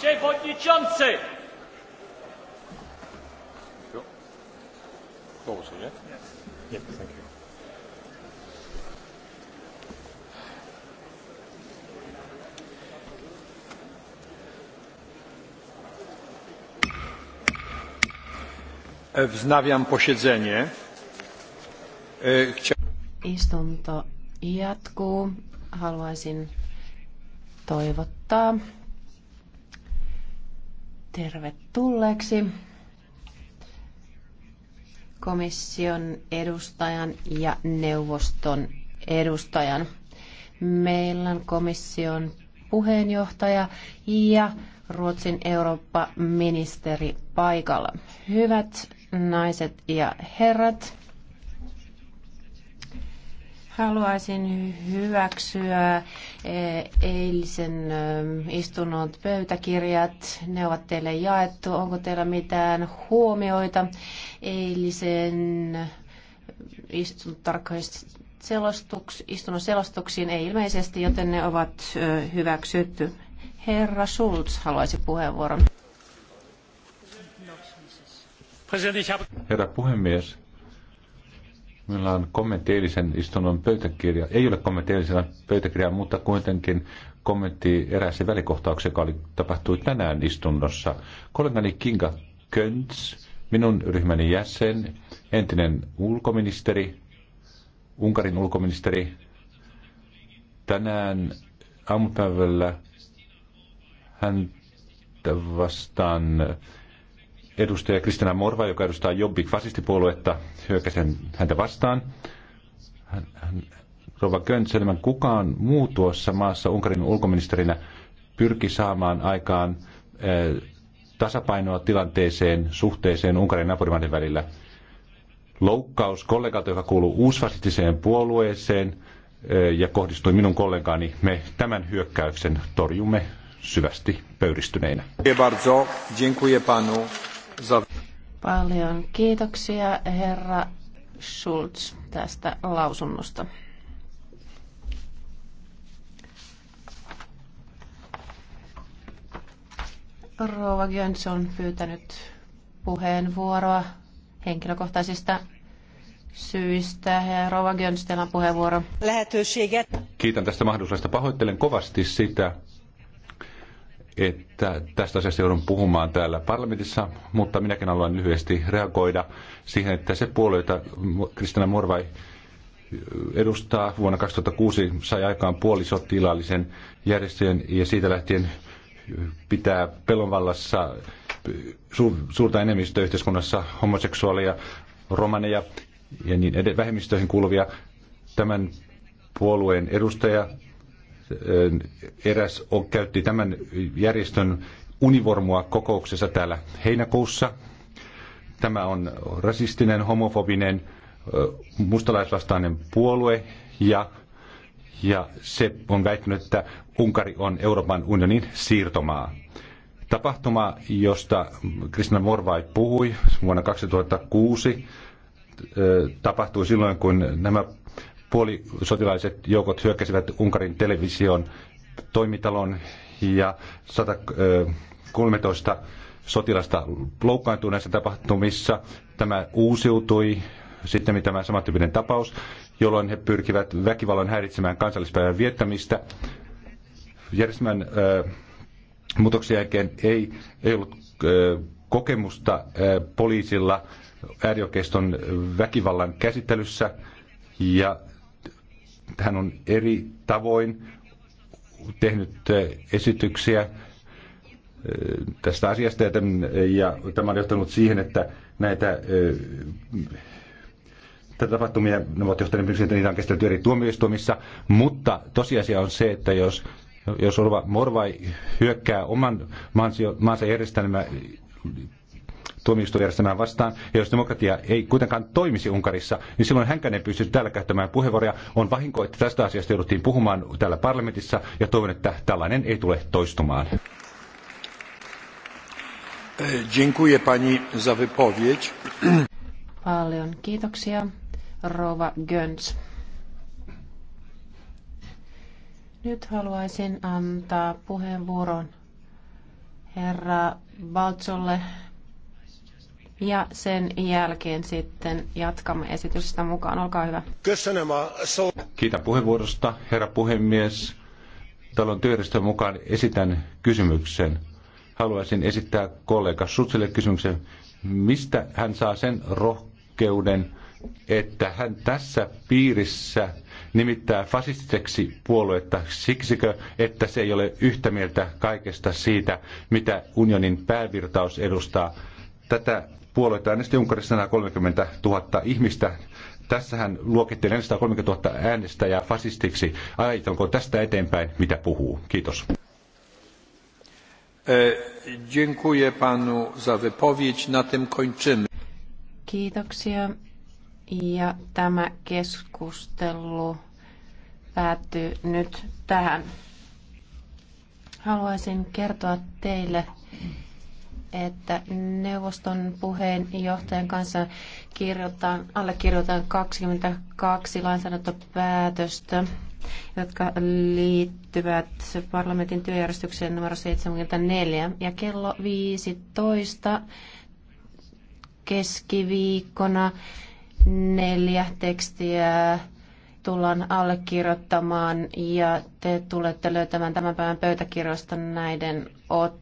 przewodniczący! E, wznawiam posiedzenie. E, Istunto jatkuu. Haluaisin toivottaa tervetulleeksi komission edustajan ja neuvoston edustajan. Meillä on komission puheenjohtaja ja Ruotsin Eurooppa-ministeri paikalla. Hyvät naiset ja herrat, Haluaisin hyväksyä eh, eilisen eh, istunnon pöytäkirjat. Ne ovat teille jaettu. Onko teillä mitään huomioita eilisen eh, istunnon selostuksiin? Ei ilmeisesti, joten ne ovat hyväksytty. Herra Schulz haluaisi puheenvuoron. Herra puhemies, Meillä on kommentti eilisen istunnon pöytäkirja. Ei ole kommentti eilisen pöytäkirjaa, mutta kuitenkin kommentti erääseen välikohtauksessa joka oli, tapahtui tänään istunnossa. Kollegani Kinga Könz, minun ryhmäni jäsen, entinen ulkoministeri, Unkarin ulkoministeri, tänään aamupäivällä hän vastaan Edustaja Kristina Morva, joka edustaa Jobbik fasistipuoluetta, hyökkäsi häntä vastaan. Hän, hän, Rova Göntselman, kukaan muu tuossa maassa Unkarin ulkoministerinä pyrki saamaan aikaan eh, tasapainoa tilanteeseen, suhteeseen Unkarin ja naapurimaiden välillä. Loukkaus kollegalta, joka kuuluu uusfasistiseen puolueeseen eh, ja kohdistui minun kollegaani, me tämän hyökkäyksen torjumme syvästi pöyristyneinä. Kiitos. Paljon kiitoksia, herra Schulz, tästä lausunnosta. Rouva on pyytänyt puheenvuoroa henkilökohtaisista syistä. Ja Rova on puheenvuoro. Kiitän tästä mahdollisuudesta. Pahoittelen kovasti sitä, että tästä asiasta joudun puhumaan täällä parlamentissa, mutta minäkin haluan lyhyesti reagoida siihen, että se puolue, jota Kristina Morvai edustaa vuonna 2006, sai aikaan puolisotilaallisen järjestöjen ja siitä lähtien pitää pelonvallassa su- suurta enemmistöä yhteiskunnassa homoseksuaaleja, romaneja ja niin vähemmistöihin kuuluvia. Tämän puolueen edustaja eräs käytti tämän järjestön univormua kokouksessa täällä heinäkuussa. Tämä on rasistinen, homofobinen, mustalaisvastainen puolue ja, ja se on väittänyt, että Unkari on Euroopan unionin siirtomaa. Tapahtuma, josta Kristina Morvai puhui vuonna 2006, tapahtui silloin, kun nämä puolisotilaiset joukot hyökkäsivät Unkarin television toimitalon ja 113 sotilasta loukkaantui näissä tapahtumissa. Tämä uusiutui sitten tämä samantyyppinen tapaus, jolloin he pyrkivät väkivallan häiritsemään kansallispäivän viettämistä. Järjestelmän äh, muutoksen jälkeen ei, ei ollut äh, kokemusta äh, poliisilla äärioikeiston väkivallan käsittelyssä ja hän on eri tavoin tehnyt eh, esityksiä eh, tästä asiasta eh, ja tämä on johtanut siihen, että näitä tätä tapahtumia, ne ovat johtaneet että niitä on kestänyt eri tuomioistuimissa, mutta tosiasia on se, että jos, jos Orva Morvai hyökkää oman maansa järjestelmä tuomioistuinjärjestelmää vastaan. Ja jos demokratia ei kuitenkaan toimisi Unkarissa, niin silloin hänkään ei pysty täällä käyttämään puheenvuoroja. On vahinko, että tästä asiasta jouduttiin puhumaan täällä parlamentissa ja toivon, että tällainen ei tule toistumaan. Dziękuję pani za wypowiedź. Paljon kiitoksia, Rova Göns. Nyt haluaisin antaa puheenvuoron herra Baltsolle ja sen jälkeen sitten jatkamme esitystä mukaan. Olkaa hyvä. Kiitä puheenvuorosta, herra puhemies. Talon työjärjestön mukaan esitän kysymyksen. Haluaisin esittää kollega Sutsille kysymyksen, mistä hän saa sen rohkeuden, että hän tässä piirissä nimittää fasistiseksi puoluetta siksikö, että se ei ole yhtä mieltä kaikesta siitä, mitä unionin päävirtaus edustaa. Tätä puolueet äänesti Unkarissa 130 000 ihmistä. Tässähän luokitteli 430 000 äänestäjää fasistiksi. Ajatelko tästä eteenpäin, mitä puhuu? Kiitos. E, Kiitoksia. Ja tämä keskustelu päättyy nyt tähän. Haluaisin kertoa teille että neuvoston puheenjohtajan kanssa kirjoitetaan, allekirjoitetaan 22 lainsäädäntöpäätöstä, jotka liittyvät parlamentin työjärjestykseen numero 74. Ja kello 15 keskiviikkona neljä tekstiä tullaan allekirjoittamaan ja te tulette löytämään tämän päivän pöytäkirjoista näiden ot.